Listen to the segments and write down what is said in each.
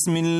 بسم الله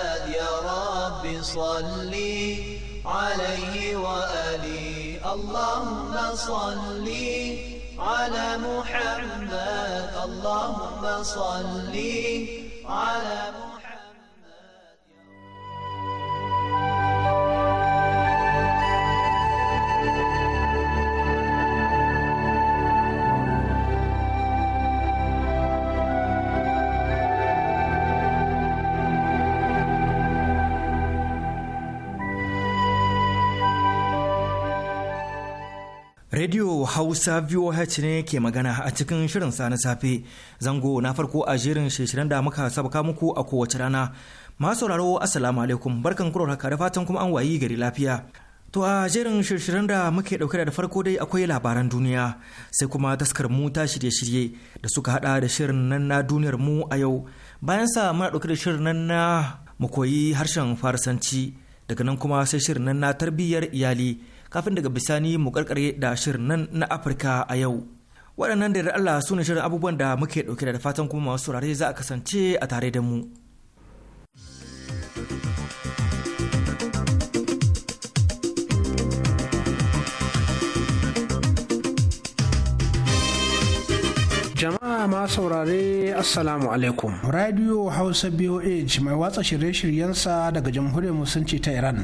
صلي عليه وآله اللهم صلي على محمد اللهم صلي على محمد Radio Hausa VOH ne ke magana a cikin shirin sa na safe. Zango na farko a jerin shirin da muka sabaka muku a kowace rana. Masu sauraro 'Asalamu alaikum barkan kuro haka da fatan kuma an wayi gari lafiya. To a jerin shirin da muke dauke da farko dai akwai labaran duniya sai kuma taskar mu ta shirye-shirye da suka hada da shirin nan na duniyar mu a yau. Bayan sa muna dauke da shirin nan na mu koyi harshen Farsanci daga nan kuma sai shirin nan na tarbiyyar iyali. kafin daga bisani mu karkare da shirin nan na Afirka a yau. Waɗannan da Allah su ne shirin abubuwan da muke ɗauke da fatan kuma masu saurare za a kasance a tare da mu. Jama'a ma saurare Assalamu alaikum. Radio Hausa BOH mai watsa shirye-shiryensa daga Jamhuriyar Musulunci ta Iran.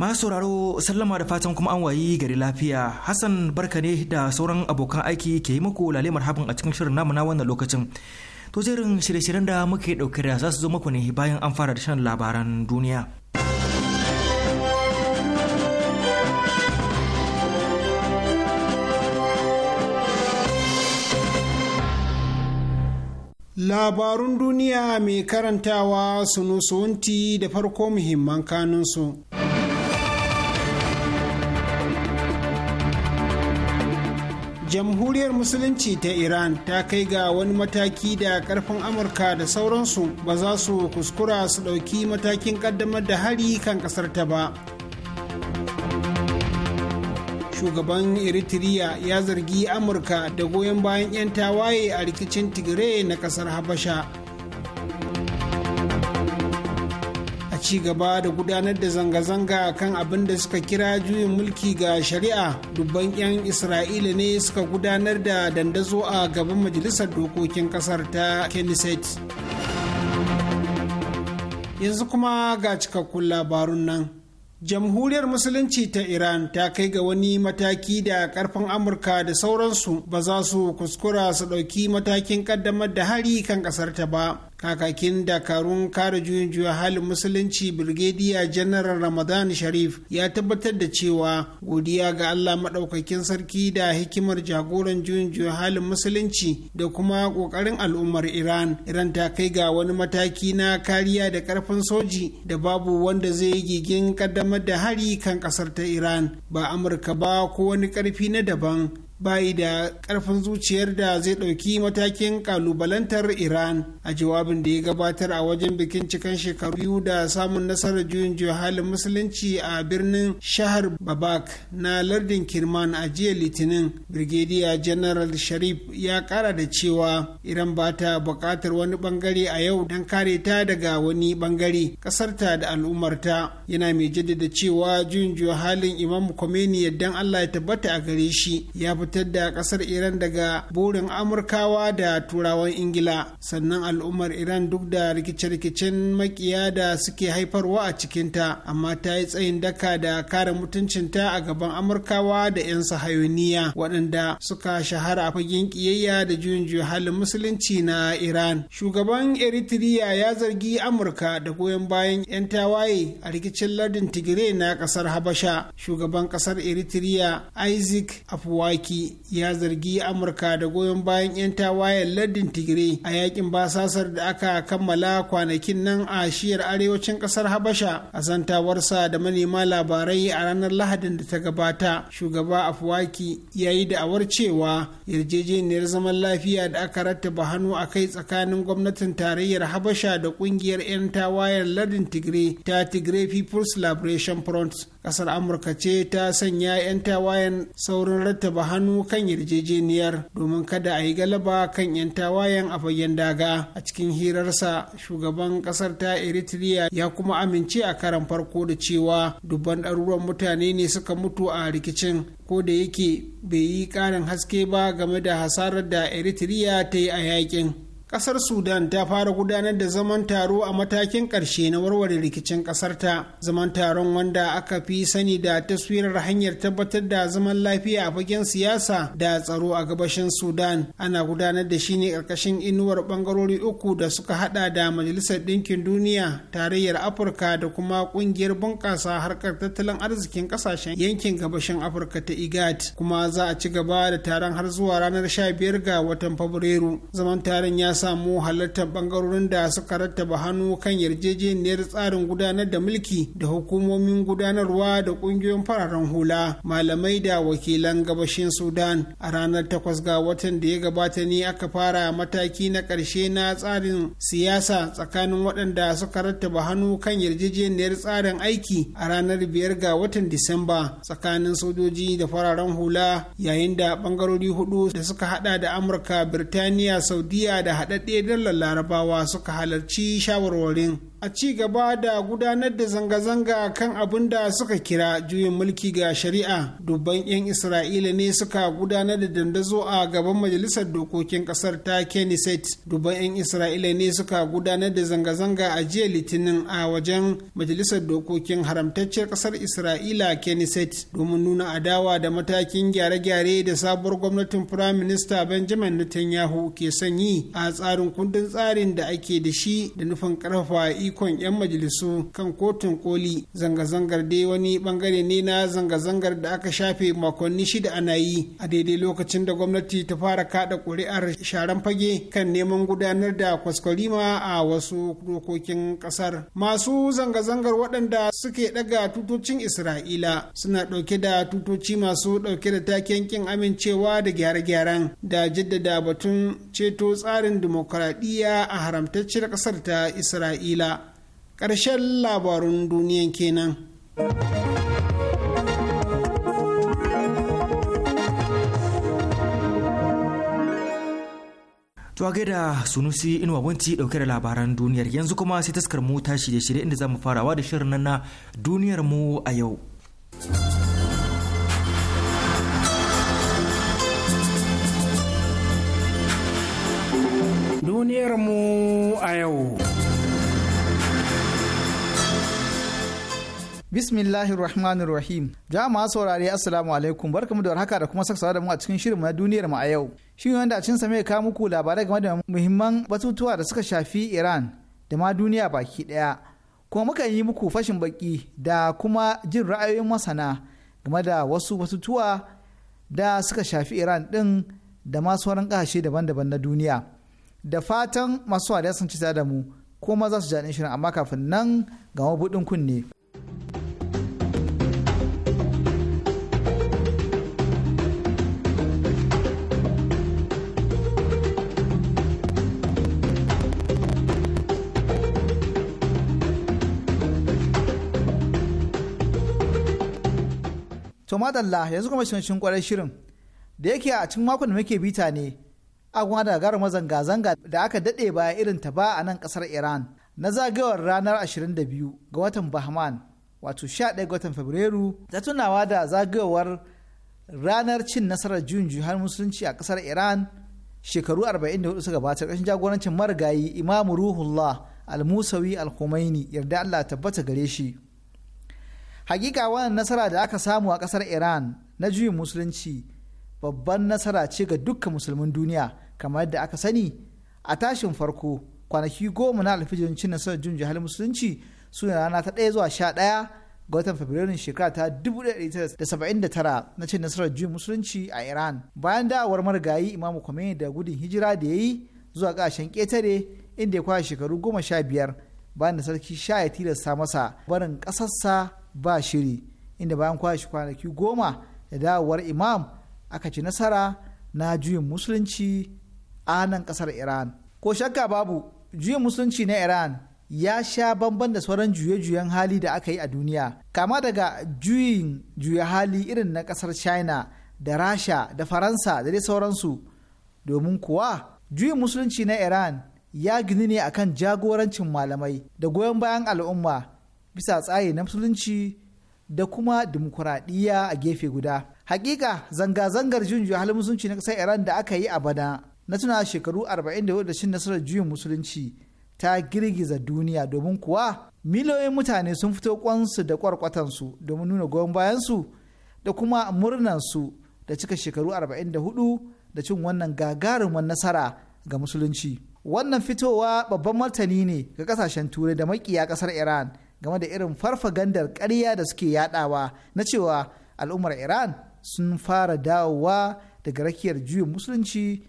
masu sauraro sallama da fatan kuma an wayi gari lafiya hassan barka ne da sauran abokan aiki ke yi muku lale marhaban a cikin shirin namu na wannan lokacin to jerin shirye-shiryen da muke ɗauke da za su zo muku ne bayan an fara da shan labaran duniya Labarun duniya mai karantawa sunusunti da farko muhimman kanunsu. jamhuriyar musulunci ta iran ta kai ga wani mataki da karfin amurka da sauransu ba za su kuskura su ɗauki matakin ƙaddamar da hari kan ƙasar ta ba shugaban eritrea ya zargi amurka da goyon bayan 'yan tawaye a rikicin tigray na kasar habasha ci gaba da gudanar da zanga-zanga kan abin da suka kira juyin mulki ga shari'a dubban 'yan isra'ila ne suka gudanar da dandazo a gaban majalisar dokokin kasar ta kenneset yanzu kuma ga cikakkun labarun nan jamhuriyar musulunci ta iran ta kai ga wani mataki da karfin amurka da sauransu ba za su kuskura su ɗauki matakin ƙaddamar da hari kan ƙasarta ba kakakin dakarun kare juyin juya halin musulunci birgediya janar ramadan sharif ya tabbatar da cewa godiya ga allah maɗaukakin sarki da hikimar jagoran juyin juya halin musulunci da kuma ƙoƙarin al'ummar iran iran ta kai ga wani mataki na kariya da ƙarfin soji da babu wanda zai yi gigin ƙaddamar da hari kan ƙasar ta iran ba amurka ba ko wani ƙarfi na daban bayi da karfin zuciyar da zai ɗauki matakin kalubalantar iran a jawabin da ya gabatar a wajen bikin cikan shekaru biyu da samun nasarar juyin juya halin musulunci a birnin shahar babak na lardin kirman a jiya litinin birgediya general sharif ya kara da cewa iran ba ta buƙatar wani bangare a yau don kare ta daga wani bangare ƙasarta da al'ummarta yana mai jaddada cewa juyin juya halin imam khomeini yadda allah ya tabbata a gare shi ya fitar da kasar iran daga burin amurkawa da turawan ingila sannan al'ummar iran duk da rikice-rikicen makiya da suke haifarwa a cikinta amma ta yi tsayin daka da kare mutuncinta a gaban amurkawa da 'yan sahayoniya waɗanda suka shahara a fagen kiyayya da juyin juyin halin musulunci na iran shugaban eritrea ya zargi amurka da goyon bayan 'yan tawaye a rikicin lardin tigray na ƙasar habasha shugaban ƙasar eritrea isaac afwaki ya zargi Amurka da goyon bayan 'yan tawayen lardin Tigray a yakin basasar da aka kammala kwanakin nan a shiyar arewacin kasar Habasha a santawarsa da manema labarai a ranar Lahadin da ta gabata. Shugaba Afwaki ya yi da'awar cewa yarjejeniyar zaman lafiya da aka rattaba hannu a kai tsakanin gwamnatin tarayyar Habasha da kungiyar 'yan tawayen lardin Tigray ta Tigray People's Liberation Front kasar amurka ce ta sanya 'yan tawayen saurin rattaba hannu kan yarjejeniyar domin kada a yi galaba kan 'yan tawayen a fagen daga a cikin hirarsa shugaban kasar ta eritrea ya kuma amince a karan farko da cewa dubban ɗaruruwan mutane ne suka mutu a rikicin ko da yake bai yi ƙarin haske ba game da hasarar da eritrea ta yi a yakin kasar sudan ta fara gudanar da zaman taro a matakin ƙarshe na warware rikicin ƙasarta zaman taron wanda aka fi sani da taswirar hanyar tabbatar da zaman lafiya a fagen siyasa da tsaro a gabashin sudan ana gudanar da shi ne karkashin inuwar ɓangarori uku da suka hada da majalisar ɗinkin duniya tarayyar afirka da kuma ƙungiyar bunƙasa harkar tattalin arzikin ƙasashen yankin gabashin afirka ta igad kuma za a ci gaba da taron har zuwa ranar 15 ga watan fabrairu zaman taron ya samu halartar bangarorin da suka rattaba hannu kan yarjejeniyar tsarin gudanar da mulki da hukumomin gudanarwa da kungiyoyin fararen hula malamai da wakilan gabashin sudan a ranar takwas ga watan da ya gabata ne aka fara mataki na ƙarshe na tsarin siyasa tsakanin waɗanda suka rattaba hannu kan yarjejeniyar tsarin aiki a ranar biyar ga watan disamba tsakanin sojoji da fararen hula yayin da bangarori hudu da suka hada da amurka birtaniya saudiya da haɗaɗɗe don larabawa suka halarci shawarwarin a ci gaba da gudanar da zanga-zanga kan abin da suka kira juyin mulki ga shari'a dubban 'yan isra'ila ne suka gudanar da dandazo a gaban majalisar dokokin kasar ta kenneset dubban 'yan isra'ila ne suka gudanar da zanga-zanga a jiya litinin a wajen majalisar dokokin haramtacciyar kasar isra'ila kenneset domin nuna adawa da matakin gyare-gyare da sabuwar gwamnatin prime minister benjamin netanyahu ke sanyi a tsarin kundin tsarin da ake da shi da nufin karfafa ikon 'yan majalisu kan kotun koli zanga-zangar dai wani bangare ne na zanga-zangar da aka shafe makonni shida ana yi a daidai lokacin da gwamnati ta fara kada ƙuri'ar sharan fage kan neman gudanar da kwaskwarima a wasu dokokin ƙasar. masu zanga-zangar waɗanda suke ɗaga tutocin isra'ila suna ɗauke da tutoci masu ɗauke da taken kin amincewa da gyare-gyaren da jaddada batun ceto tsarin dimokuraɗiyya a haramtacciyar ƙasar ta isra'ila ƙarshen labarun duniyan kenan. To da Sunusi Inuwa Wanti dauke da labaran duniyar yanzu kuma sai taskar mu ta shirye shirye inda zamu farawa da shirin na duniyar mu a yau. Duniyar mu a yau. Bismillahir Rahmanir Rahim. Jama'a saurare Assalamu alaikum. Barkamu da warhaka da kuma saksawa da mu a cikin shirinmu na duniyar mu a yau. Shin wanda a cikin sa muku labarai game da muhimman batutuwa da suka shafi Iran da ma duniya baki daya. Kuma muka yi muku fashin baki da kuma jin ra'ayoyin masana game da wasu batutuwa da suka shafi Iran din da ma sauran kasashe daban-daban na duniya. Da fatan masu wada sun ci da mu ko za su ji shirin amma kafin nan ga mabuɗin kunne. to madalla yanzu kuma cin kwarar shirin da yake a cikin makon da muke bita ne a kuma da garma zanga-zanga da aka daɗe baya irin ta ba a nan kasar iran na zagayowar ranar 22 ga watan bahman wato 11 ga watan fabrairu ta tunawa da zagayowar ranar cin nasarar juyin juhar musulunci a kasar iran shekaru 44 suka gabata ƙarshen jagorancin marigayi imamu ruhullah al-musawi al-humaini yarda allah tabbata gare shi hakika wannan nasara da aka samu a kasar iran na juyin musulunci babban nasara ce ga dukkan musulmin duniya kamar yadda aka sani a tashin farko kwanaki goma na alfijirin cin nasarar jin jihar musulunci su ne rana ta ɗaya zuwa sha ɗaya ga watan fabrairun shekara ta 1979 na cin nasarar juyin musulunci a iran bayan dawowar marigayi imamu kwame da gudun hijira da ya yi zuwa ƙasashen ƙetare inda ya kwashe shekaru goma sha biyar bayan da sarki sha ya tilasta masa barin ƙasarsa ba shiri inda bayan kwashe kwanaki goma da dawowar imam aka ci nasara na juyin musulunci a nan kasar iran ko shakka babu juyin musulunci na iran ya sha bamban da sauran juye-juyen hali da aka yi a duniya kama daga juyin juya hali irin na kasar china da rasha da faransa da dai sauransu domin kuwa juyin musulunci na iran ya gini ne akan jagorancin malamai da goyon bayan al'umma bisa tsaye na musulunci da kuma dimokuraɗiyya a gefe guda. Hakika zanga-zangar juyin juya halin musulunci na ƙasar Iran da aka yi a bana na tuna shekaru 44 da cin nasarar juyin musulunci ta girgiza duniya domin kuwa miliyoyin mutane sun fito kwansu da kwarkwatansu domin nuna goyon bayansu da kuma murnansu da cika shekaru 44 da cin wannan gagarumin nasara ga musulunci. Wannan fitowa babban martani ne ga kasashen turai da makiya ƙasar Iran game da irin farfagandar ƙarya da suke yadawa na cewa al'ummar iran sun fara dawowa daga rakiyar juyin musulunci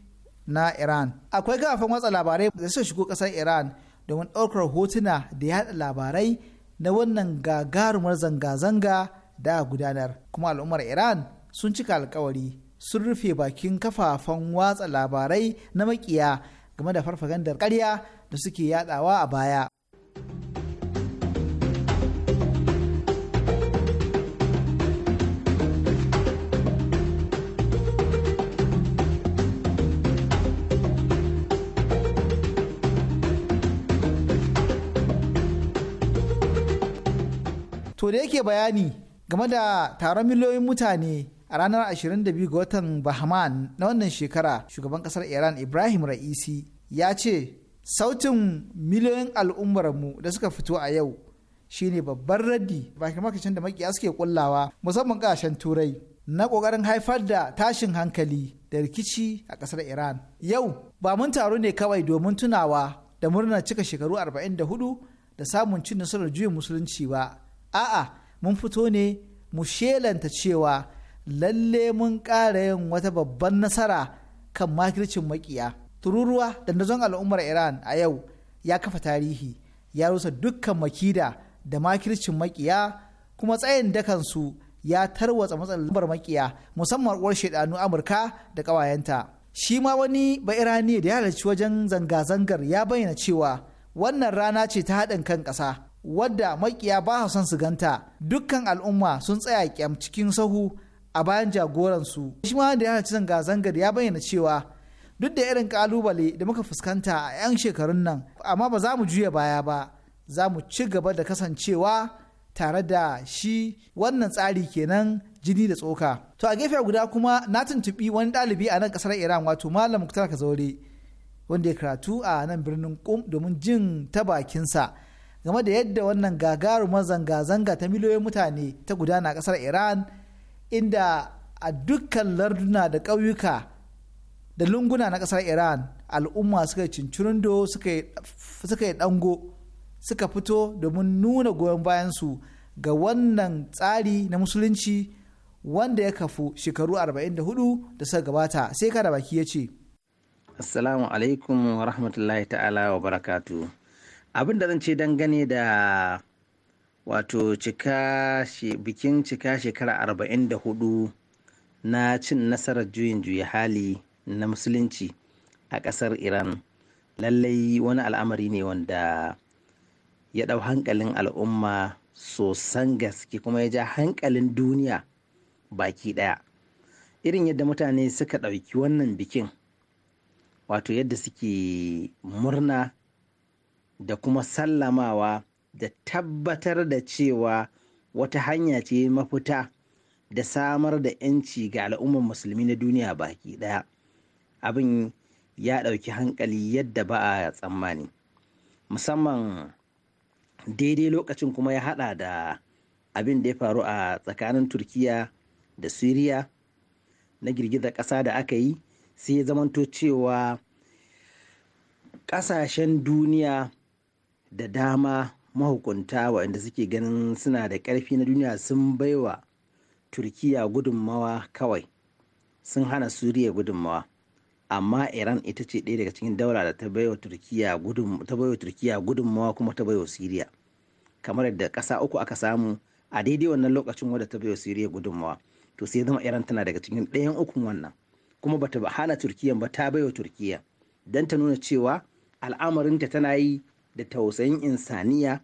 na iran akwai gafan watsa labarai da suka shigo ƙasar iran domin ɗaukar hotuna da yada labarai na wannan gagarumar zanga-zanga da gudanar kuma al'ummar iran sun cika alkawari sun rufe bakin kafafen watsa labarai na makiya game da farfagandar karya da suke yadawa a baya da yake bayani game da taron miliyoyin mutane a ranar 22 ga watan Bahman na wannan shekara shugaban kasar Iran Ibrahim Ra'isi ya ce sautin miliyoyin al'ummarmu da suka fito a yau shine babban raddi bakin makashin da makiya suke kullawa musamman kasashen turai na kokarin haifar da tashin hankali da rikici a kasar Iran. Yau ba mun taro ne kawai domin tunawa da murnar cika shekaru 44 da samun cin nasarar juyin musulunci ba. a'a mun fito ne mu shelanta cewa lalle mun ƙara yin wata babban nasara kan makircin makiya tururuwa da nazon al'ummar iran a yau ya kafa tarihi ya rusa dukkan makida da makircin makiya kuma tsayin dakansu ya tarwatsa matsalar makiya musamman uwar shaidanu amurka da ƙawayenta shi ma wani bairani da ya halarci wajen zanga-zangar ya bayyana cewa wannan rana ce ta haɗin kan ƙasa wadda makiya ba su son su ganta dukkan al'umma sun tsaya kyam cikin sahu a bayan jagoransu shi ma da ya halarci zanga zangar ya bayyana cewa duk da irin kalubale da muka fuskanta a 'yan shekarun nan amma ba za mu juya baya ba za mu ci gaba da kasancewa tare da shi wannan tsari kenan jini da tsoka to a gefe guda kuma na tuntuɓi wani ɗalibi a nan ƙasar iran wato malam muktar kazaure wanda ya karatu a nan birnin kum domin jin ta bakinsa game da yadda wannan gagarumar zanga-zanga ta miliyoyin mutane ta gudana a ƙasar iran inda a dukkan larduna da ƙauyuka da lunguna na ƙasar iran al'umma suka cincirindo suka yi ɗango suka fito domin nuna goyon bayansu ga wannan tsari na musulunci wanda ya kafu shekaru 44 da suka gabata sai kada baki ya ce assalamu alaikum wa rahmatullahi ta'ala wa barakatu abin da zan ce dangane da wato cika bikin cika shekara arba'in da hudu na cin nasarar juyin juya hali na musulunci a ƙasar iran lallai wani al'amari ne wanda ya ɗau hankalin al'umma sosan gaske kuma ya ja hankalin duniya baki ɗaya irin yadda mutane suka ɗauki wannan bikin wato yadda suke murna da kuma sallamawa da tabbatar da cewa wata hanya ce mafita da samar da 'yanci ga al'ummar musulmi na duniya baki ɗaya abin ya ɗauki hankali yadda ba a tsammani musamman daidai lokacin kuma ya haɗa da abin da ya faru a tsakanin turkiya da siriya na girgizar ƙasa da aka yi sai ya zamanto cewa ƙasashen duniya da dama mahukunta waɗanda suke ganin suna da ƙarfi na duniya sun baiwa turkiya gudunmawa kawai sun hana suriya gudunmawa amma iran ita ce ɗaya daga cikin daura da ta baiwa turkiya gudunmawa kuma ta baiwa siriya kamar yadda ƙasa uku aka samu a daidai wannan lokacin wadda ta baiwa siriya gudunmawa to sai zama iran tana daga cikin ɗayan uku wannan kuma bata hana turkiyan ba ta baiwa turkiya don ta nuna cewa al'amarinta tana yi da tausayin insaniya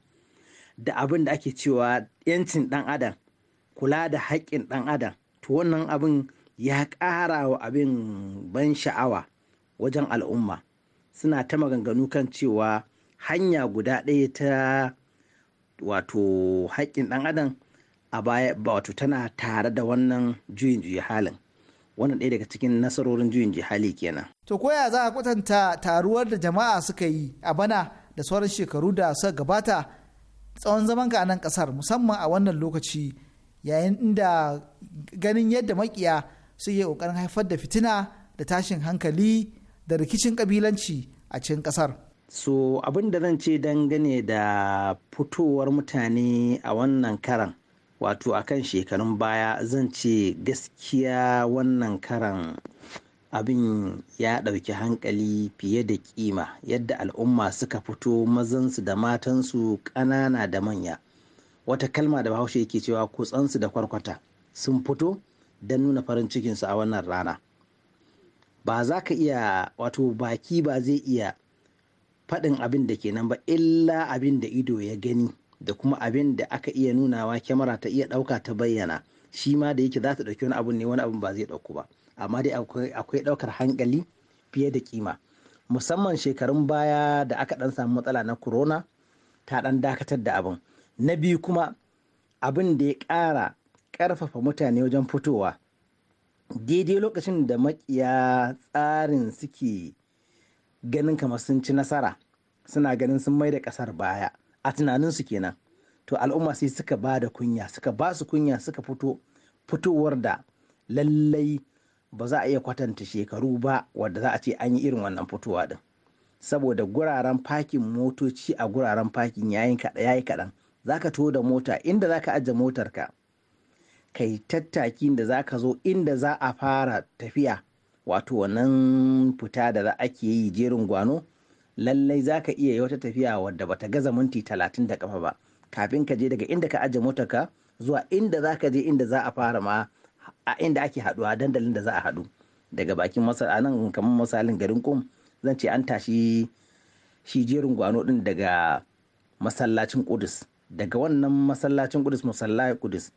da abin da ake cewa 'yancin dan adam kula da haƙƙin dan adam to wannan abin ya ƙara wa abin ban sha'awa wajen al'umma suna ta maganganu kan cewa hanya guda ɗaya ta wato haƙƙin dan adam a baya ba wato tana tare da wannan juyin juyi halin wannan ɗaya daga cikin nasarorin juyin juyi hali kenan to koya za a kwatanta taruwar da jama'a suka yi a bana da sauran shekaru da suka gabata tsawon zaman a nan kasar musamman a wannan lokaci yayin inda ganin yadda makiya yi kokarin haifar da fitina da tashin hankali da rikicin kabilanci a cikin kasar. so abin da zan ce dangane da fitowar mutane a wannan karan wato akan shekarun baya zan ce gaskiya wannan karan abin ya ɗauki hankali fiye da kima yadda al'umma suka fito mazansu da matansu ƙanana da manya wata kalma da bahaushe yake cewa kutsansu da kwarkwata sun fito don nuna farin cikinsu a wannan rana ba za ka iya wato baki ba zai iya faɗin abin da ke nan ba illa abin da ido ya gani da kuma abin da aka iya nunawa kyamara ta iya ɗauka ta bayyana shi ma da yake za ta ɗauki wani abu ne wani abin ba zai ɗauku ba amma dai akwai ɗaukar hankali fiye da kima musamman shekarun baya da aka ɗan samu matsala na corona ta ɗan dakatar da abin na biyu kuma abin da ya ƙara ƙarfafa mutane wajen fitowa daidai lokacin da makiya tsarin suke ganin kamar sun ci nasara suna ganin sun mai da ƙasar baya a tunaninsu kenan to al'umma sai suka ba da kunya suka ba su kunya suka fito fitowar da lallai ba za a iya kwatanta shekaru ba wadda za a ce an yi irin wannan fitowa din saboda guraren fakin motoci a guraren fakin yayi kaɗan za ka to da mota inda za ka ajiye motarka kai tattaki da za ka zo inda za a fara tafiya wato wannan fita da za ake yi jerin gwano lallai za ka iya yi wata tafiya wadda ba ta gaza minti talatin da kafa ba kafin ka je daga inda ka ajiye motarka zuwa inda za ka je inda za a fara ma a inda ake haduwa dandalin da za a hadu daga bakin a nan kamar misalin garin kum zan ce an tashi shi jerin gwano din daga masallacin kudus daga wannan masallacin kudus masallacin kudus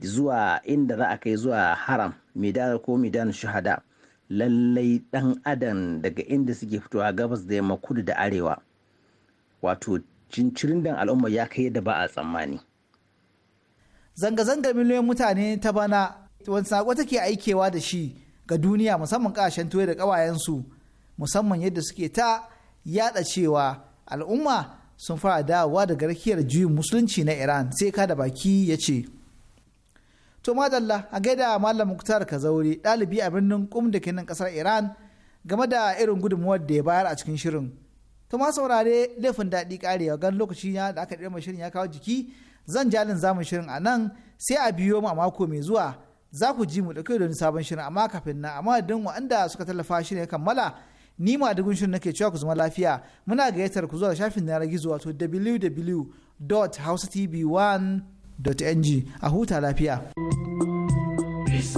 zuwa inda za a kai zuwa haram midan ko midan shahada lallai dan adam daga inda suke fitowa gabas da yamma kudu da arewa wato cincirin dan al'umma ya kai da ba a tsammani zanga-zangar miliyoyin mutane ta bana wani sako take aikewa da shi ga duniya musamman kasashen turai da ƙawayensu musamman yadda suke ta yada cewa al'umma sun fara dawowa daga rakiyar juyin musulunci na iran sai ka da baki ya ce to madalla a gaida malam muktar kazauri ɗalibi a birnin kum da kinin ƙasar iran game da irin gudunmuwar da ya bayar a cikin shirin to ma saurare laifin daɗi karewa gan lokaci da aka ɗirma shirin ya kawo jiki zan jalin zamun shirin a nan sai a biyo mu a mako mai zuwa za ku ji mu ɗauke da wani sabon shirin amma kafin na amma don waɗanda suka tallafa shirin ya kammala ni ma dugun shirin nake cewa ku zama lafiya muna gayyatar ku zuwa shafin na ragi gizo wato www.hausatv1.ng a huta lafiya. بیست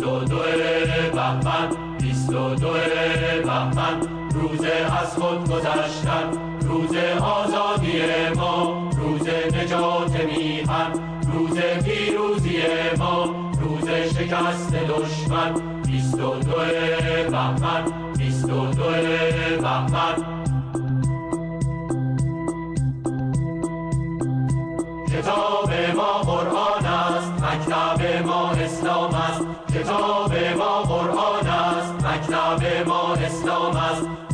روز از خود گذشتن روز آزادی ما روز نجات میهن روز پیروزی ما روز شکست دشمن بیست و دو بهمن بیست و دو بهمن کتاب ما قرآن است مکتب ما اسلام است کتاب ما قرآن است مکتب ما اسلام است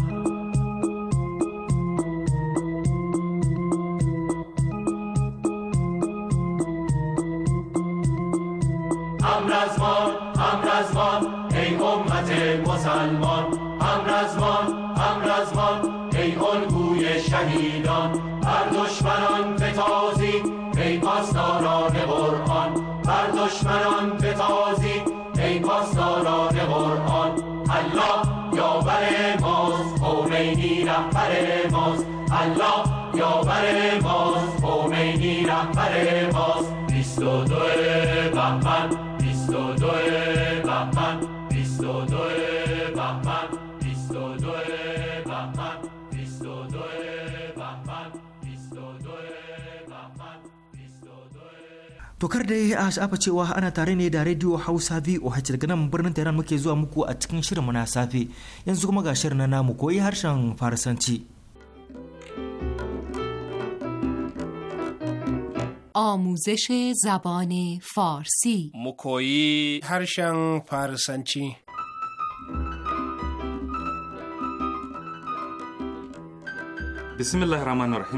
kar da ya a shafa cewa ana tare ne da Radio Hausa VOH daga nan birnin Tehran muke zuwa muku a cikin shirinmu na safe yanzu kuma ga shirin na namu koyi harshen Farsanci. آموزش زبان فارسی مکویی harshen فارسنچی Bismillahir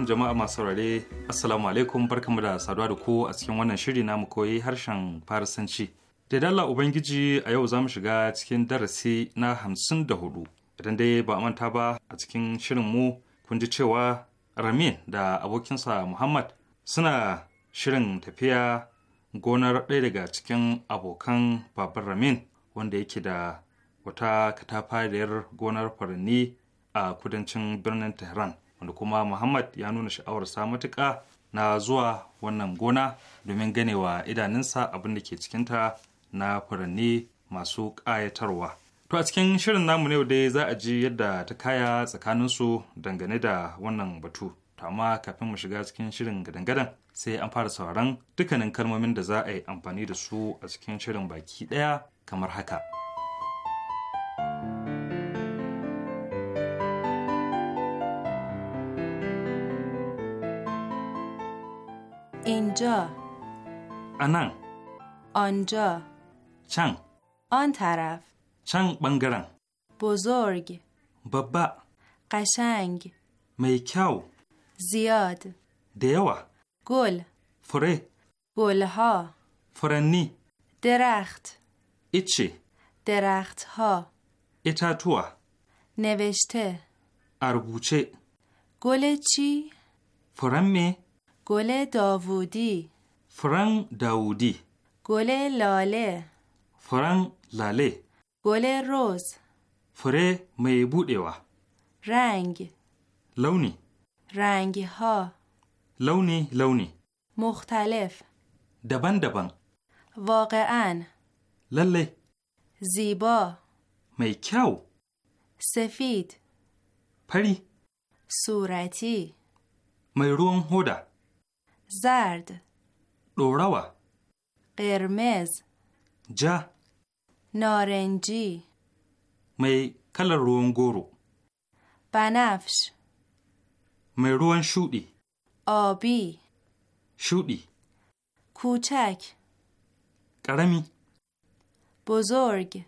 jama'a masu saurare Assalamu alaikum barkamu da saduwa da ku a cikin wannan shiri na mu koyi harshen Farisanci. Da dalla Ubangiji a yau za mu shiga cikin darasi na hamsin da hudu. Idan dai ba a manta ba a cikin shirin mu kun ji cewa Ramin da abokinsa Muhammad suna shirin tafiya gonar ɗaya daga cikin abokan babbar Ramin wanda yake da wata katafariyar gonar furanni a kudancin birnin Tehran. wanda kuma muhammad ya nuna sha'awarsa matuƙa na zuwa wannan gona domin ganewa idanunsa abin da ke cikinta na furanni masu ƙayatarwa to a cikin shirin namu ne dai za a ji yadda ta kaya tsakaninsu dangane da wannan batu to amma kafin mu shiga cikin shirin gadan-gadan sai an fara sauran dukkanin kalmomin da za a yi amfani da su a cikin shirin baki ɗaya kamar haka. آنجا آنجا چنگ آن طرف چنگ بنگرن بزرگ بابا قشنگ میکاو زیاد دیوا گل فره گلها فرنی درخت ایچی ها اتاتوا نوشته اربوچه گل چی؟ فرمه گل داوودی فرنگ داوودی گل لاله فرنگ لاله گل روز فره می و رنگ لونی رنگ ها لونی لونی مختلف دبن دبن واقعا لله زیبا میکاو سفید پری صورتی میرون هودا زرد دوراوا قرمز جا نارنجی می کل روان گورو بنفش می روان شودی آبی شودی کوچک کرمی بزرگ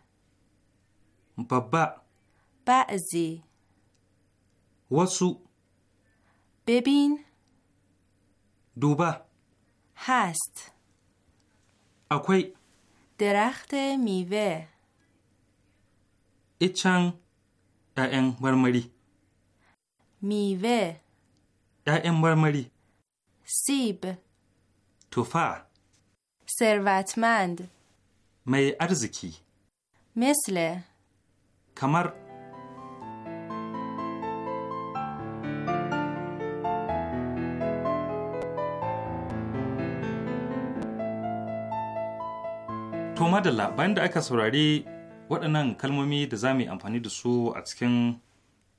بابا بعضی وسو ببین duba hast akwai Derachte mive Ichan ‘ya’yan marmari mive ‘ya’yan marmari sib tufa servatmand mai arziki misle kamar madalla bayan da aka saurari waɗannan kalmomi da za mu yi amfani da su a cikin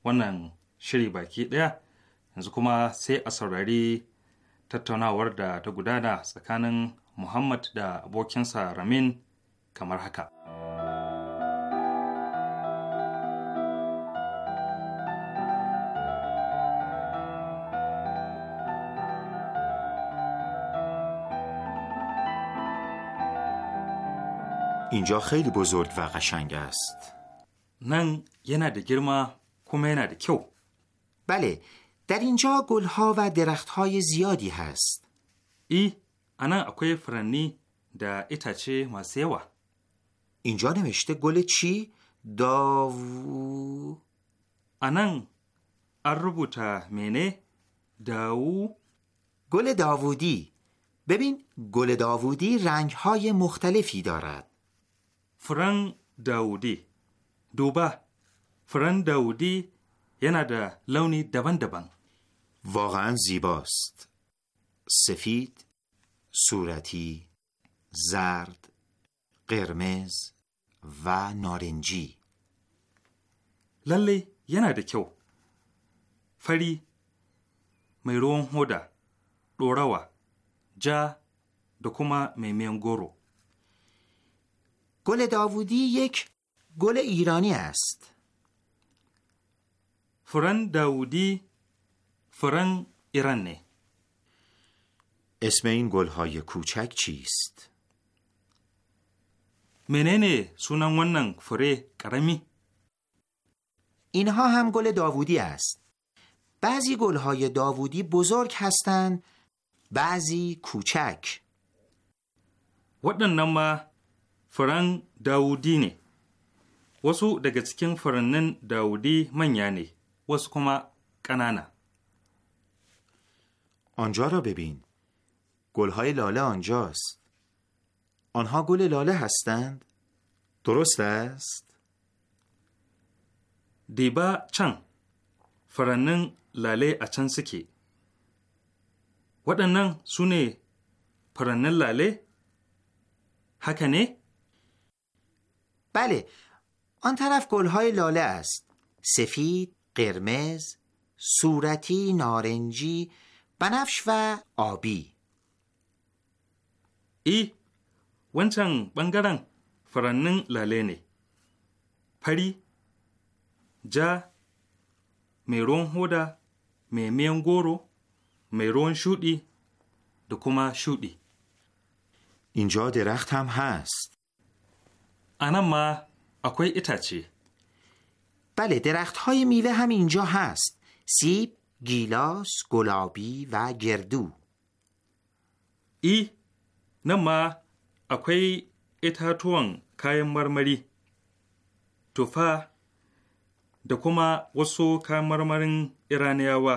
wannan shiri baki ɗaya yanzu kuma sai a saurari tattaunawar da ta gudana tsakanin muhammad da abokinsa ramin kamar haka اینجا خیلی بزرگ و قشنگ است. نن یه نده گرما کمه نده کیو. بله، در اینجا گلها و درختهای زیادی هست. ای، انا اکوی فرنی دا ایتاچه ماسیوا. اینجا نوشته گل چی؟ داو انن اربوتا مینه داو گل داوودی ببین گل داوودی رنگ های مختلفی دارد fran daudi Duba, furen daudi yana da launi daban-daban. واقعا زیباست سفید صورتی زرد قرمز و lalle yana da kyau fari mai ruwan hoda ɗorawa ja da kuma mai miyan goro گل داوودی یک گل ایرانی است فرن داوودی فرن ایرانه اسم این گلهای کوچک چیست؟ مننه سونن ونن فره کرمی. اینها هم گل داوودی است بعضی گلهای داوودی بزرگ هستند بعضی کوچک ودن نما faran Dawudi ne, wasu daga cikin farannin Dawudi manya ne, wasu kuma ƙanana. An ja raɓaɓin, gol haɗe lalle on jos, on hagu ne lalle hasken, truces. Diba can farannin lale a can suke, waɗannan su ne farannin lale haka ne? بله آن طرف گلهای لاله است سفید، قرمز، صورتی، نارنجی، بنفش و آبی ای ونچن بنگرن فرنن لاله نه پری جا میرون هودا میمن گورو میرون شودی دکما شودی اینجا درخت هم هست انما اکوی ایتاچی بله درخت های میوه هم اینجا هست سیب، گیلاس، گلابی و گردو ای نما اکوی توان کایم مرمری توفا da kuma wasu kayan marmarin Iraniyawa,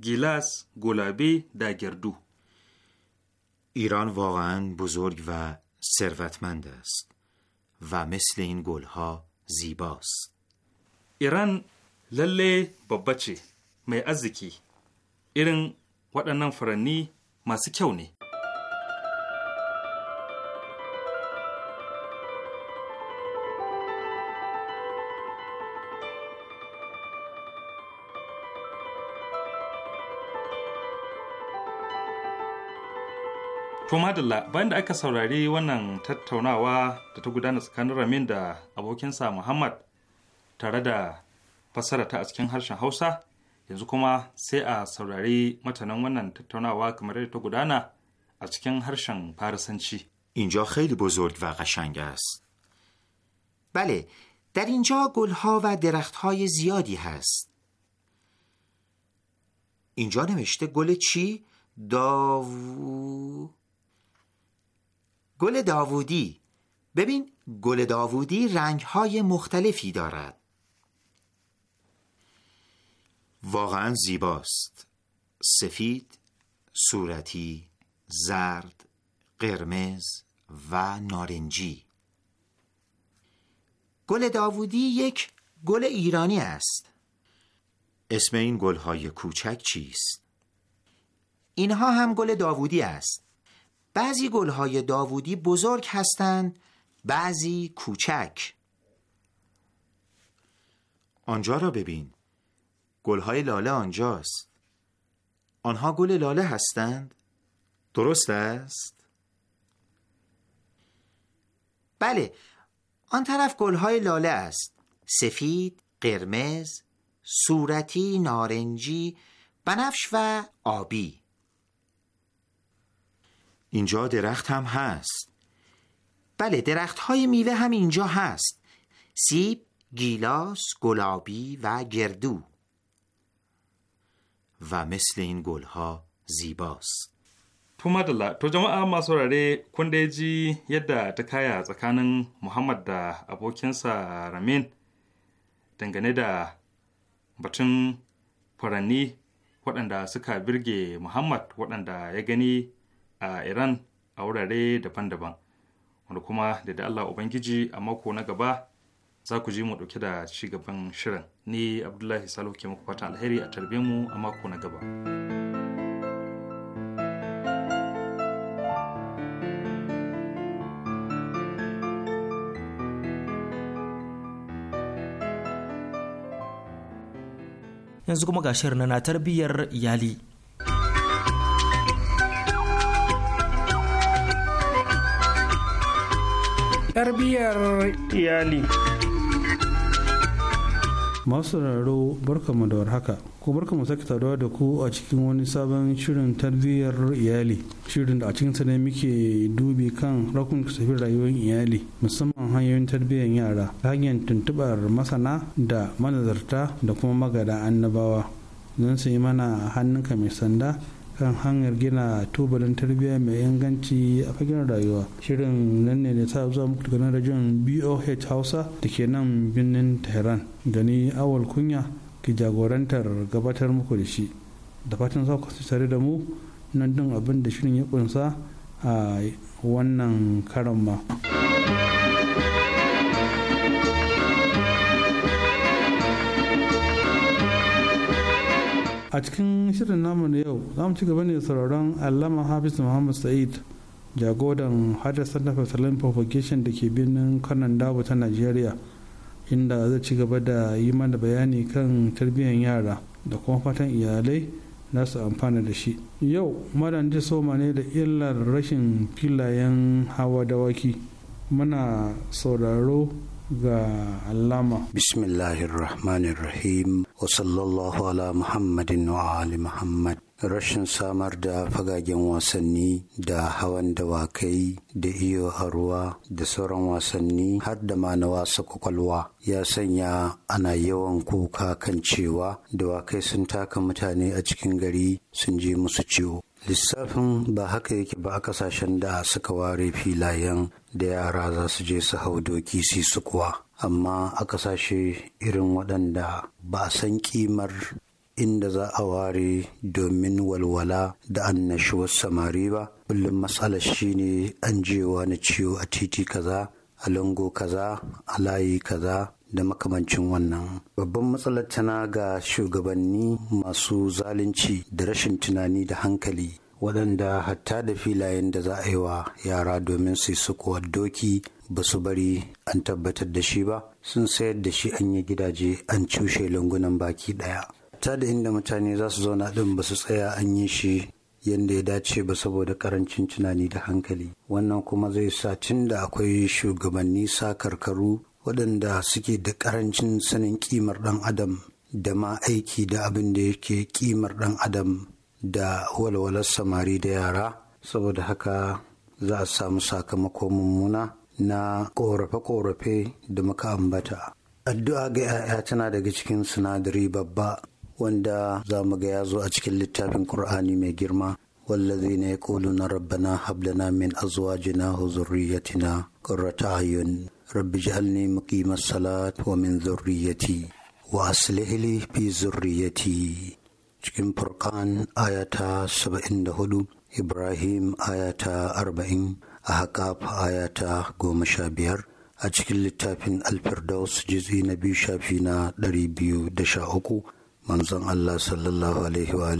گیلاس گلابی da گردو ایران واقعا بزرگ و ثروتمند است. و مثل این گلها زیباست lalle babba ce mai arziki irin waɗannan furanni masu kyau ne To madalla bayan da aka saurari wannan tattaunawa da ta gudana tsakanin Ramin da abokinsa Muhammad tare da fassara ta a cikin harshen Hausa yanzu kuma sai a saurari matanan wannan tattaunawa kamar da ta gudana a cikin harshen Farisanci. اینجا خیلی بزرگ و قشنگ است. بله، در اینجا گلها و درختهای زیادی هست. اینجا نوشته گل چی؟ داوود گل داوودی ببین گل داوودی های مختلفی دارد واقعا زیباست سفید صورتی زرد قرمز و نارنجی گل داوودی یک گل ایرانی است اسم این های کوچک چیست؟ اینها هم گل داوودی است بعضی گلهای داوودی بزرگ هستند بعضی کوچک آنجا را ببین گلهای لاله آنجاست آنها گل لاله هستند درست است بله آن طرف گلهای لاله است سفید قرمز صورتی نارنجی بنفش و آبی اینجا درخت هم هست بله درخت های میوه هم اینجا هست سیب، گیلاس، گلابی و گردو و مثل این گل ها زیباست تو مدلا تو جمع اما سراره کنده جی یده تکایا زکانن محمد دا ابو کنسا رمین دنگنه دا بطن پرانی وطن دا محمد وطن دا یگنی a iran a wurare daban-daban wanda kuma da da allah ubangiji a mako na gaba za ku ji mu ɗauke da ci gaban shirin ni abdullahi Salo ke muku fatan alheri a tarbe mu a mako na gaba yanzu kuma ga shirin na tarbiyyar iyali tarbiyyar iyali masu raro barkamu da warhaka ko barkamu sake taruwa da ku a cikin wani sabon shirin tarbiyyar iyali shirin da a cikin ne muke dubi kan rakun kasafin rayuwar iyali musamman hanyoyin tarbiyyar yara ta hanyar tuntubar masana da manazarta da kuma magada annabawa don su yi mana hannunka mai sanda kan hanyar gina tubalin tarbiyya mai inganci a fagen rayuwa shirin nan ne da ta zuwa muku daga nan rajon boh hausa da ke nan birnin tehran da ni awal kunya ki jagorantar gabatar muku da shi da fatan za ku tare da mu nan din abin da shirin ya kunsa a wannan karan ma. a cikin shirin namu na yau za mu ci gaba ne sauraron allama hafiz muhammad sa'id jagodan hadassar na fasalin propagation da ke birnin kanan dabu ta nigeria inda zai ci gaba da yi mana bayani kan tarbiyyar yara da kuma fatan iyalai na su amfana da shi yau madanci soma ne da illar rashin filayen hawa dawaki muna sauraro ga allama bismillahirrahmanirrahim wa sallallahu ala muhammadin wa ali muhammad rashin samar da fagagen wasanni da hawan dawakai da iyo a ruwa da sauran wasanni har da ma na wasa kwakwalwa ya sanya ana yawan kuka kan cewa dawakai sun taka mutane a cikin gari sun je musu ciwo lissafin ba haka yake ba a kasashen da suka ware filayen da yara za su je su hau doki su su kuwa amma a kasashe irin waɗanda ba san kimar inda za a ware domin walwala da annashuwar samari ba kullum matsalar shine an jewa na ciwo a titi kaza a lango kaza a layi kaza da makamancin wannan babban matsalar tana ga shugabanni masu zalunci da rashin tunani da hankali waɗanda hatta da filayen da za a yi wa yara domin su sukuwar doki ba su bari an tabbatar da shi ba sun sayar da shi an yi gidaje an cushe lungunan baki ɗaya ta da inda mutane za su zauna ɗin ba su tsaya an yi shi yadda ya dace ba saboda karancin tunani da hankali wannan kuma zai sa tun da akwai shugabanni sa karkaru waɗanda suke da karancin sanin kimar ɗan adam da ma aiki da abin da yake kimar ɗan adam da walwalar samari da yara saboda haka za a samu sakamako mummuna na korafe-korafe da muka ambata addu'a ga 'ya'ya tana daga cikin sinadari babba wanda za mu ga yazo a cikin littafin qur'ani mai girma wallazi ne ya kulu na rabbana hablana min azwajina wa zurriyatina qurrata ayun rabbi ij'alni muqima salat wa min zurriyati wa aslih li fi zurriyati cikin furkan ayata saba'in da hudu ibrahim ayata arba'in a haƙaf ayata goma sha biyar a cikin littafin alfirdaus jizi na biyu shafi na ɗari biyu da sha uku manzon allah sallallahu alaihi wa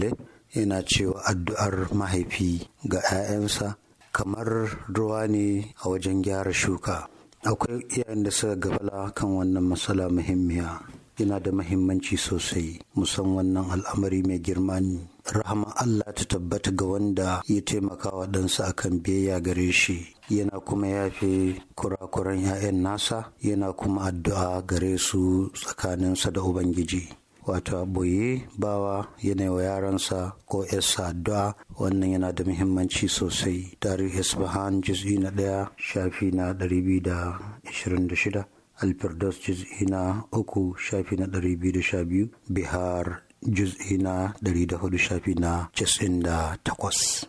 yana cewa addu'ar mahaifi ga 'ya'yansa kamar ruwa ne a wajen gyara shuka akwai iyayen da suka gabala kan wannan matsala muhimmiya yana da mahimmanci sosai musan wannan al'amari mai girma ne rahama Allah ta tabbata ga wanda ya taimaka wa ɗansa akan biyayya gare shi yana kuma yafe kurakuran 'ya'yan nasa yana kuma addu'a gare su tsakaninsa da ubangiji wato boye bawa yanayi wa yaransa ko yasa addu'a wannan yana da muhimmanci sosai tarihi isbahan juz'i na ɗaya shafi na 226 alfirdaus juz'i na uku shafi na ɗari biyu da sha biyu bihar juz'i na ɗari da hudu shafi na casin da takwas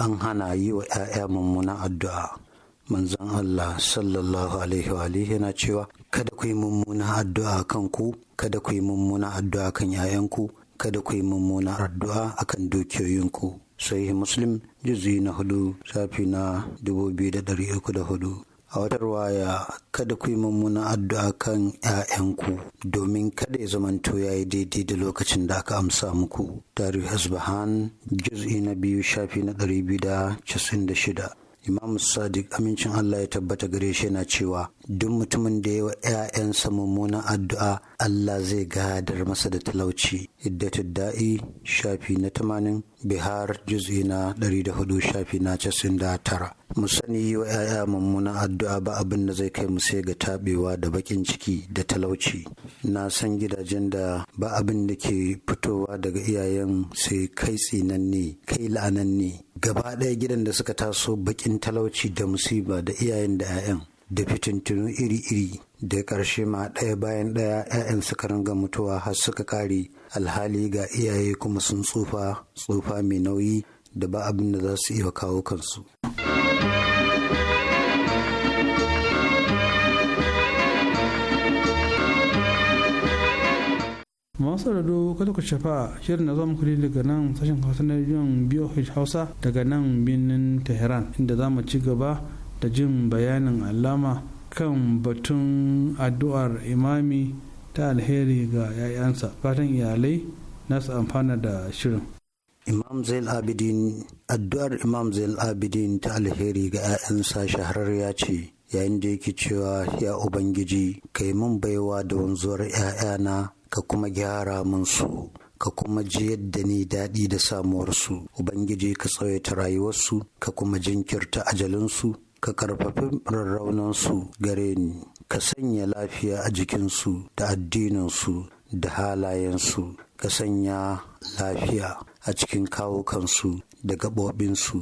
an hana yi wa 'ya'ya mummuna addu'a manzon Allah sallallahu alaihi wa yana cewa kada ku yi mummuna addu'a kan ku kada ku yi mummuna addu'a kan yayanku kada ku yi mummuna addu'a akan dukiyoyinku sai muslim juzi na hudu safi na dubu biyu da ɗari uku da hudu a watar waya, kada ku yi mummunan addu'a kan 'ya'yanku domin kada ya zamanto ya yi daidai da lokacin da aka amsa muku tarihi hasbahan juz'i na biyu shafi na ɗari biyu da casin da shida imam sadiq amincin allah ya tabbata gare shi yana cewa duk mutumin da ya wa 'ya'yansa mummunan addu'a allah zai gadar masa da talauci iddatul da'i shafi na tamanin bihar juz'i na hudu shafi na tara. mu sani yi wa 'ya'ya mummunan addu'a ba abin da zai kai mu sai ga tabewa da bakin ciki da talauci na san gidajen da ba abin da ke fitowa daga iyayen sai kai tsinanne kai la'anan ne. gaba ɗaya gidan da suka taso bakin talauci da musiba da iyayen da 'ya'yan da fitintunu iri-iri da ƙarshe ma ɗaya bayan ɗaya 'ya'yan suka ringa mutuwa har suka ƙare alhali ga iyaye kuma sun tsufa tsufa mai nauyi da ba abin da za su iya kawo kansu. masu rado kada ku shafa shirin na zamu kudi daga nan sashen hausa na biyan Hausa daga nan birnin Tehran inda za mu ci gaba da jin bayanin alama kan batun addu'ar imami ta alheri ga 'ya'yansa fatan iyalai nasu amfana da shirin imam abidin addu'ar imam zain abidin ta alheri ga 'ya'yansa ya ce yayin da yake cewa ya ubangiji ka yi min baiwa da wanzuwar 'ya'yana ka kuma gyara min su ka kuma ji yadda ni daɗi da samuwarsu ubangiji ka tsawaita rayuwarsu ka kuma jinkirta ajalinsu ka karfafi rarraunansu gare ni ka sanya lafiya a jikinsu da addininsu da halayensu ka sanya lafiya a cikin kawukansu da gaɓoɓinsu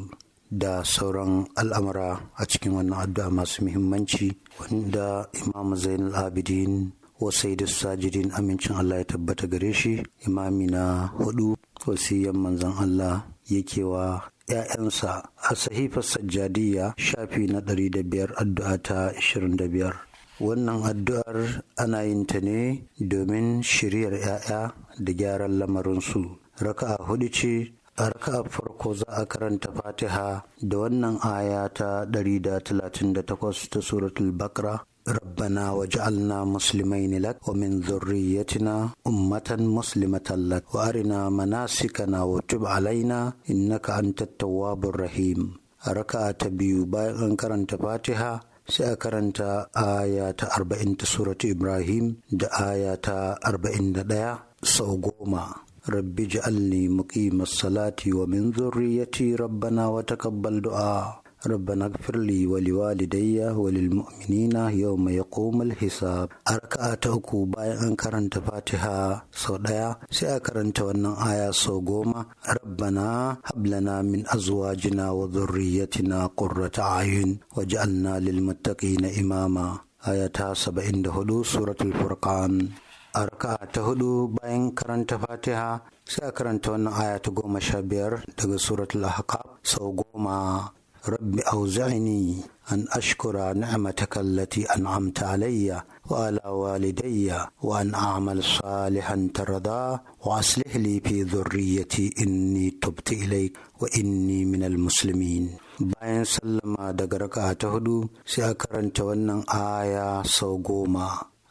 da sauran al'amura a cikin wannan addu'a masu muhimmanci wanda imam zainul abidin wasai da sajidin amincin allah ya tabbata gare shi imami na hudu wasiyan manzon allah yake wa ‘ya'yansa a sahifar sajjadiyya shafi na 500 addu'a ta 25. wannan addu’ar ana yin ta ne domin shiryar ‘ya’ya da gyaran lamarinsu. Raka’a hudu ce, a raka’a farko za a karanta fatiha da wannan aya ta 138 ta suratul bakra Rabbana wa ja’alna musulmai ne lak, wa min zurriyatina ummatan musulmatan lak, wa arina manasikana na tub alaina innaka an tattawa rahim. A raka'a ta biyu bayan an karanta fatiha sai a karanta aya ta arba'in ta suratu ibrahim da aya ta arba'in da ɗaya sau goma rabbi ji'alni muqimas salati wa min zurriyati rabbana wa takabbal du'a ربنا اغفر لي ولوالدي وللمؤمنين يوم يقوم الحساب أركعة أكو باي أن كرنت فاتحة سو ديا سي أكرنت ونن آية سو غوما ربنا هب لنا من أزواجنا وذريتنا قرة أعين وجعلنا للمتقين إماما آية 74 سورة الفرقان أركعة تهدو باين كرنت فاتحة sai a karanta wannan aya ta goma sha biyar daga suratul ahqaf sau goma رب أوزعني أن أشكر نعمتك التي أنعمت علي وعلى والدي وأن أعمل صالحا ترضى وأصلح لي في ذريتي إني تبت إليك وإني من المسلمين bayan sallama daga raka ta hudu sai a karanta wannan aya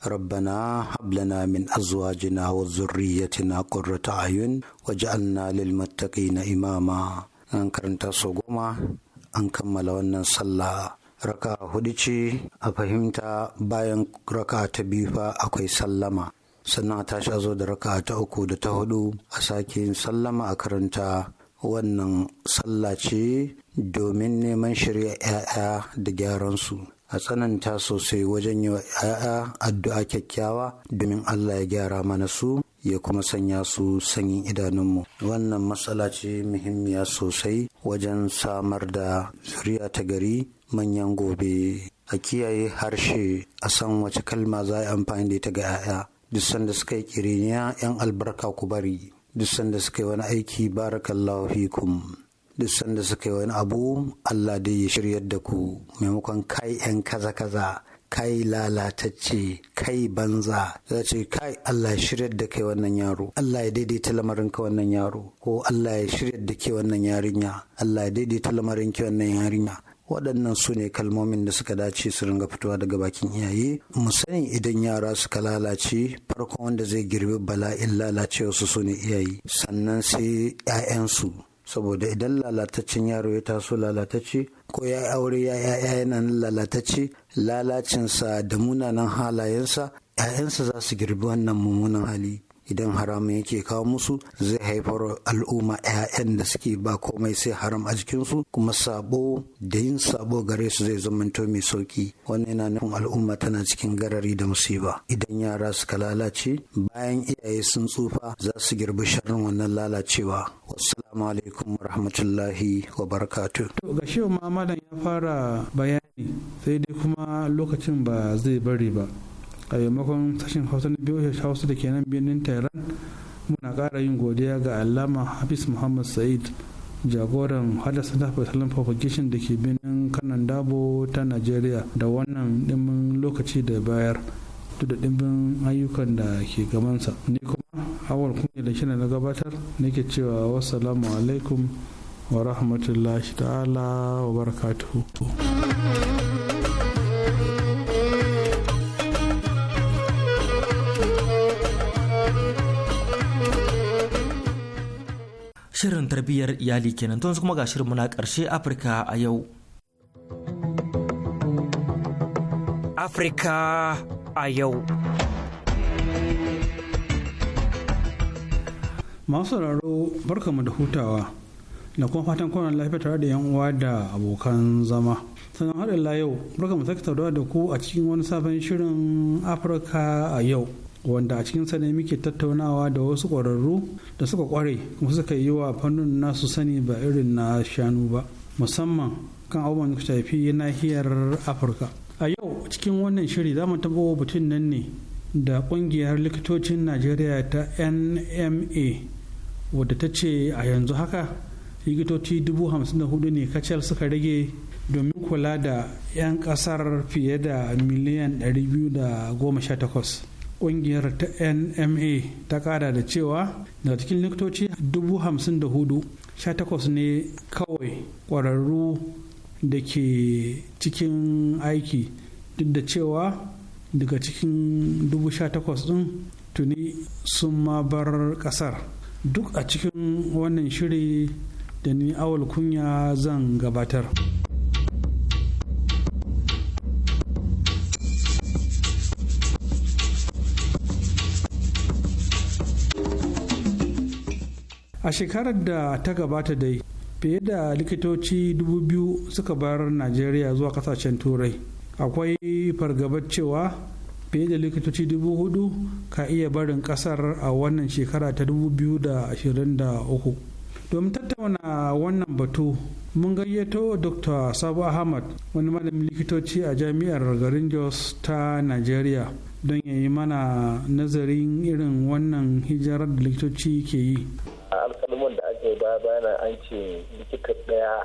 ربنا هب لنا من أزواجنا وذريتنا قرة أعين وجعلنا للمتقين إماما أن كرنت صقوما an kammala wannan sallah raka hudu ce a fahimta bayan raka ta biyu fa akwai sallama sannan a tashi a zo da raka ta uku da ta hudu a sake yin sallama a karanta wannan sallah ce domin neman shirya 'ya'ya da gyaran su. a tsananta sosai wajen yi wa 'ya'ya addu'a kyakkyawa domin Allah ya gyara mana su ya kuma sanya su sanyin idanunmu wannan matsala ce muhimmiya sosai wajen samar da zuriya ta gari manyan gobe a kiyaye harshe a san wace kalma za a amfani da ita ga 'ya'ya duk sanda suka yi kiriniya 'yan albarka ku bari duk sanda suka yi wani aiki barakallahu fikum duk sanda suka yi wani abu Allah dai ya shiryar da ku maimakon kai 'yan kaza kaza kai lalatacce kai banza za ce kai Allah ya shiryar da kai wannan yaro Allah ya daidaita lamarin ka wannan yaro ko Allah ya shiryar da ke wannan yarinya Allah ya daidaita lamarin ki wannan yarinya waɗannan su ne kalmomin da suka dace su ringa fitowa daga bakin iyaye mu sani idan yara suka lalace farkon wanda zai girbi bala'in wasu su ne iyaye sannan sai 'ya'yansu saboda idan lalataccen yaro ya taso lalatacce ko ya aure ya ya'ya yana lalatacce lalacinsa da munanan halayensa ‘ya'yansa za su girbi wannan mummunan hali idan haram yake kawo musu zai haifar al'umma 'ya'yan da suke ba komai sai haram a jikinsu kuma sabo da yin sabo gare su zai zamanto mai sauki wannan yana nufin al'umma tana cikin garari da musiba idan yara suka lalace bayan iyaye sun tsufa za su girbi sharrin wannan lalacewa assalamu alaikum wa barakatu to ga shi ma ya fara bayani sai dai kuma lokacin ba zai bari ba a maimakon sashen hausa na biyu hausa da ke nan birnin tehran muna kara yin godiya ga alama hafiz muhammad sa'id jagoran hadasa da fasalin propagation da ke birnin kanan dabo ta nigeria da wannan dimin lokaci da bayar duk da dimbin ayyukan da ke gabansa ni kuma awal kunya da shirin na gabatar nake cewa wassalamu alaikum wa rahmatullahi ta'ala wa barakatuhu shirin tarbiyyar iyali kenan tun kuma ga shirin muna karshe afirka a yau afirka a yau masu sauraro barkamu da hutawa da kuma fatan kwanan lafiya tare da yan uwa da abokan zama sannan har yau, yau barkamu sake tauraro da ku a cikin wani sabon shirin afirka a yau wanda a cikin ne muke tattaunawa da wasu ƙwararru da suka ƙware kuma suka yi wa fannin nasu sani ba irin na shanu ba musamman kan abubuwan da shafi nahiyar afirka a yau cikin wannan shiri za mu tabbawa batun nan ne da ƙungiyar likitocin najeriya ta nma wadda ta ce a yanzu haka likitoci dubu hamsin da hudu ne kacal suka rage domin kula da 'yan ƙasar fiye da miliyan biyu da goma sha takwas. kungiyar ta nma ta kada da cewa daga cikin likitoci 54,018 ne kawai kwararru da ke cikin aiki duk da cewa daga cikin 18,000 din tuni sun ma bar kasar duk a cikin wannan shiri da ni awal kunya zan gabatar. a shekarar da ta gabata dai fiye da likitoci 2000 suka bar najeriya zuwa kasashen turai akwai fargabar cewa fiye da likitoci 4000 ka iya barin kasar a wannan shekara ta da 2023 domin tattauna wannan batu mun gayyato dr sabu ahmad wani malamin likitoci a jami'ar garin jos ta Najeriya, don yayi mana nazarin irin wannan hijirar da likitoci ke yi a alkalman da aka yi baya bayanan an ce likita daya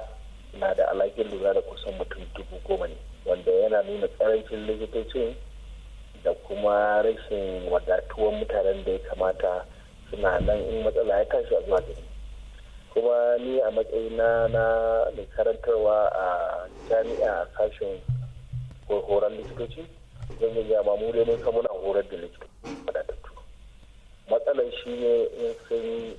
na da alhakin lura da kusan mutum dubu goma ne wanda yana nuna karancin likitocin da kuma rashin wadatuwan mutanen da ya kamata suna nan in matsala ya tashi a zuwa kuma ni a matsayina na mai karantarwa a jami'a a sashen horon likitoci zan yi jama mu dai mun san muna horar da likitoci matsalar shi ne in sun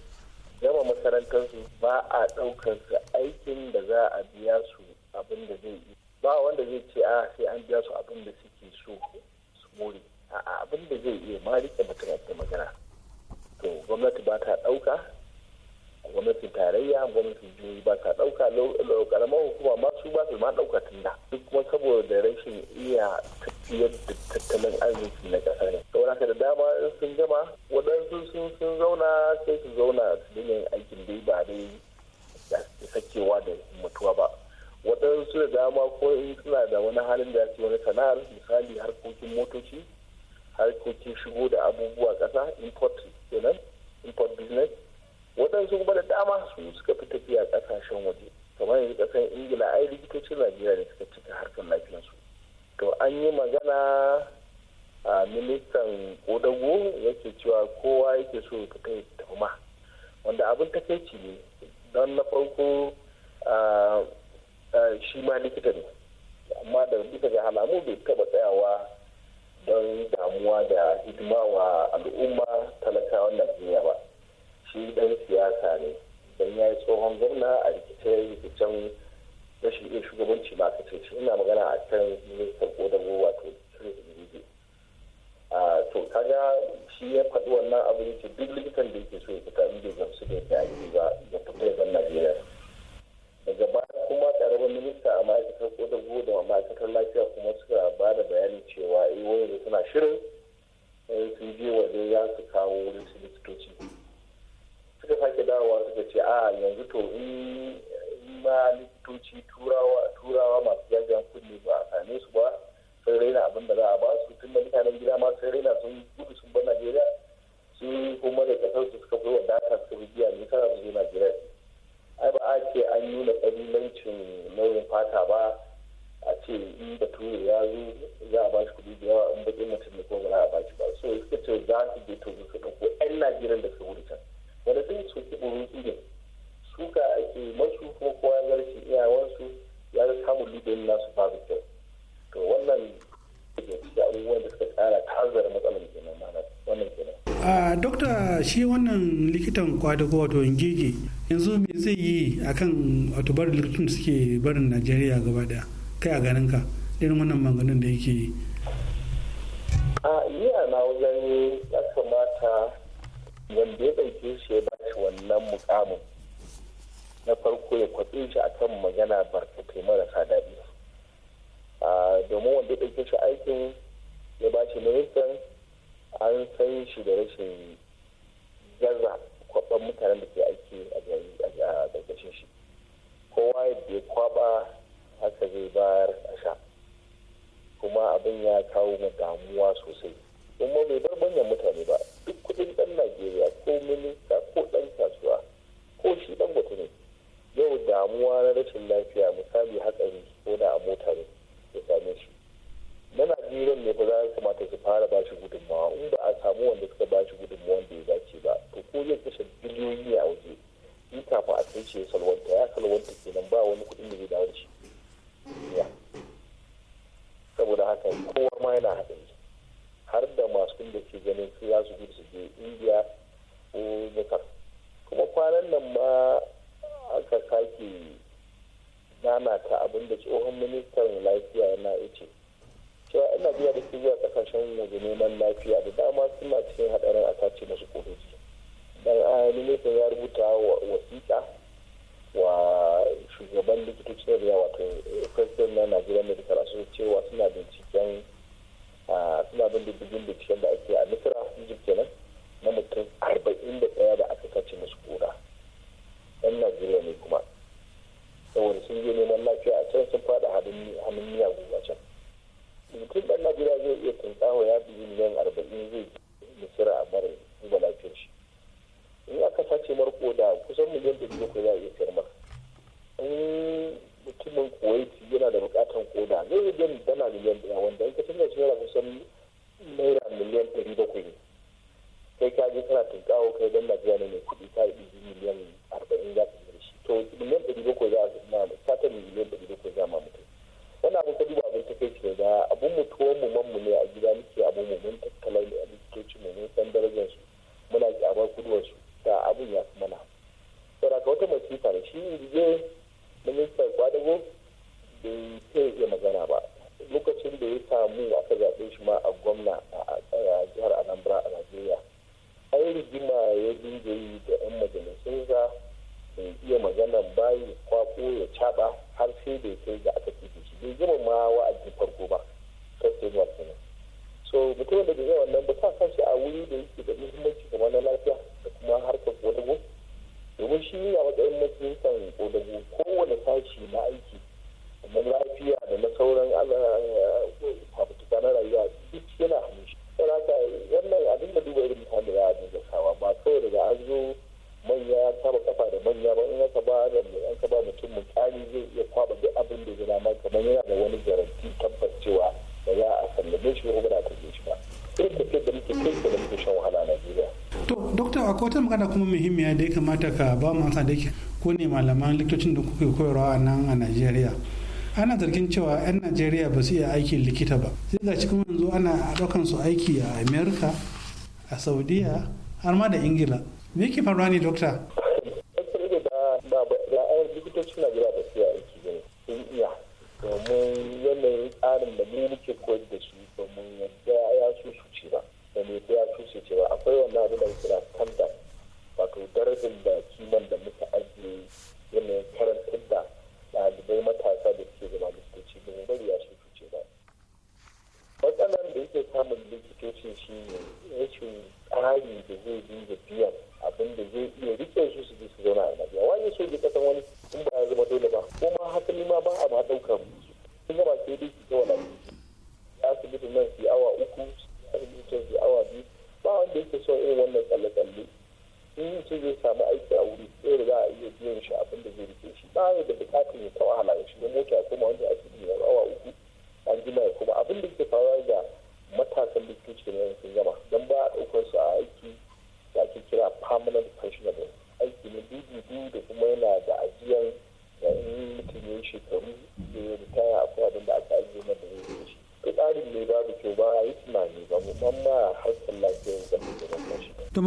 gama makarantarsu ba a ɗaukar su aikin da za a biya su abin da zai yi ba wanda zai ce a ah, sai an biya su abin da suke so su more a abin da zai iya ma rike makaranta magana to gwamnati ba ta ɗauka gwamnatin tarayya gwamnatin jihohi ba ta ɗauka karamar hukuma ma su ba su ma ɗauka tunda duk kuma saboda rashin iya ciyar da tattalin arziki na ƙasa ne saboda haka da dama in sun gama waɗansu sun sun zauna sai su zauna su yin aikin dai ba dai da sakewa da mutuwa ba waɗansu da dama ko in suna da wani halin da su wani sana'ar misali harkokin motoci harkokin shigo da abubuwa ƙasa import kenan import business waɗansu kuma da dama su suka fi tafiya ƙasashen waje kamar yanzu ƙasar ingila ai likitocin najeriya ne suka cika harkar lafiyarsu to an yi magana a ministan kodago yake cewa kowa yake so ta kai tauma wanda abin takaici ne don na farko shi ma likita ne amma da bisa ga halamu bai taba tsayawa don damuwa da hidima wa al'umma wannan duniya ba shi dan siyasa ne don ya yi tsohon gwamna a rikice-rikicen rashin iya shugabanci ba ka ce ina magana a kan ministan kodago wato a to kaga shi ya faɗi wannan abu yake duk likitan da yake so ya fita inda gamsu da ya yi ba ya fita ya najeriya daga baya kuma karamin minista a ma'aikatar kodago da ma'aikatar lafiya kuma suka ba da bayani cewa eh wani suna shirin eh, sun je waje za su kawo wurin su likitoci suka sake dawowa suka ce a yanzu to in ma likitoci turawa masu jajen kunne ba a same su ba sun raina abin da za a ba su tun da mutanen gida ma sun raina sun gudu sun bar najeriya sun kuma da kasar su suka fi wadata su fi biya nisa su zo najeriya ai ba a ce an nuna ƙabilancin nauyin fata ba a ce in da ture ya zo za a ba shi kuɗi da yawa in baƙin mutum ne ko ba za a ba shi ba so suka ce za su je to su ɗauko 'yan najeriya da suka wuri can wanda duk su ki burin ne suka ake masu ko kowa ya iyawar iyawansu ya zai samun lidin nasu babu kyau to wannan da abubuwan da suka tsara tazara matsalar kenan mana wannan kenan a dokta shi wannan likitan kwadago wato ngege yanzu me zai yi akan wato bar likitan suke barin najeriya gaba daya kai a ganin ka irin wannan maganin da yake yi a iya na wajen ya kamata wanda ya ɗauke shi ya bashi wannan mukamin na farko ya kwaɗe shi a kan magana barkatai marasa daɗi domin wanda ya ɗauke shi aikin ya bashi shi ministan an san shi da rashin gaza kwaɓan mutanen da ke aiki a ƙarƙashin shi kowa yadda ya kwaɓa haka zai bayar a sha kuma abin ya kawo mu damuwa sosai kuma bai bar manyan mutane ba duk kudin dan najeriya ko minista ko dan kasuwa ko shi dan mutane yau damuwa na rashin lafiya misali hatsari ko da a mota ne ya same shi na najeriya ne ba za ya kamata su fara ba shi gudunmawa in ba a samu wanda suka ba shi gudunmawa da ya dace ba to ko zai kashe biliyoyi a waje in kafin a kai shi ya salwanta ya salwanta kenan ba wani kudin da zai dawo da shi saboda haka kowa ma yana haɗin har da masu da ke ganin su za su gudu su je indiya ko nepal kuma kwanan nan ma aka sake nanata abin da tsohon ministan lafiya na ce cewa yan najeriya da ke zuwa kasashen waje neman lafiya da dama suna cikin hadarin a tace musu kofofi dan a ministan ya rubuta wa wasiƙa wa shugaban likitocin da wato president na nigeria medical association cewa suna binciken suna ah, bin diddigin binciken da ake a misira egypt kenan na mutum arba'in da daya da aka sace musu kura yan najeriya ne kuma saboda sun je neman lafiya a can sun fada hannun miya a can mutum ɗan najeriya zai iya tunkawa ya biyu miliyan arba'in zai misira a mara duba lafiyar shi in aka sace marko da kusan miliyan ɗari bakwai za a iya sayar maka mutumin kuwaiti yana da bukatan koda zai yi gani dala miliyan daya wanda in ka da shi kusan naira miliyan ɗari bakwai ne kai ka je kana tunkawo kai na biya ne mai kuɗi ta yi miliyan arba'in za ka da shi to miliyan ɗari bakwai za a zama da fatan miliyan ɗari bakwai za ma mutum wani abu kudi ba abin ta kai ce da abun mutuwan mu man mu ne a gida muke abun mu mun tattala ne a likitoci mu mun san darajar su muna abar kuduwar su da abun ya fi mana saboda ka wata masifa da shi ne ministan kwadago bai sai iya magana ba lokacin da ya samu aka zaɓe shi ma a gwamna a jihar anambra a najeriya ai rigima ya dinga yi da 'yan majalisun za bai iya magana bayi kwako ya caɓa har sai da kai ga aka tuke shi bai gama ma wa'adin farko ba so mutum da ga yawan nan ba sa shi a wuri da yake da muhimmanci kamar na lafiya da kuma harkar kwadago domin shi a matsayin majalisar kodago kowane sashi na aiki na lafiya da na sauran fafutuka na rayuwa duk yana hannu shi. Saboda haka wannan abin da duba irin mutane da ya akwai wata magana kuma muhimmiya da ya kamata ka ba mu da ke ko ne malaman likitocin da kuke koyarwa a nan a najeriya ana zargin cewa 'yan najeriya ba su iya aikin likita ba sai ga cikin yanzu ana ɗaukan su aiki a Amerika, a saudiya har ma da ingila me yake faruwa ne dokta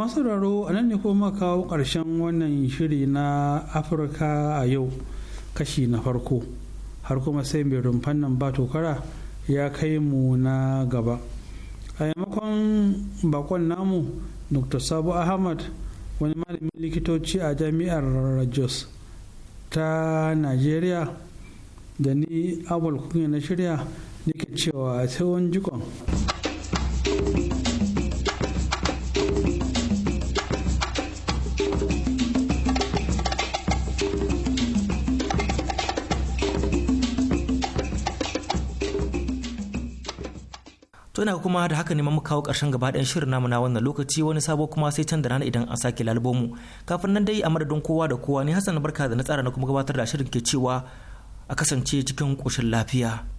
masu sauraro a nan ne kuma kawo ƙarshen wannan shiri na afirka a yau kashi na farko har kuma sai mai rumfan nan ba tokara ya kai mu na gaba a yamakon bakon namu dr sabo ahmad wani malamin likitoci a jami'ar rajos ta nigeria da ni abul kunya na shirya nake cewa sai wani jikon To ina kuma da haka ne mu kawo karshen gaba ɗayan shirin namu na wannan lokaci wani sabo kuma sai can da rana idan an sake lalbomu. Kafin nan dai a madadin kowa da kowa ne Hassan barka da na tsara na kuma gabatar da shirin ke cewa a kasance cikin ƙoshin lafiya.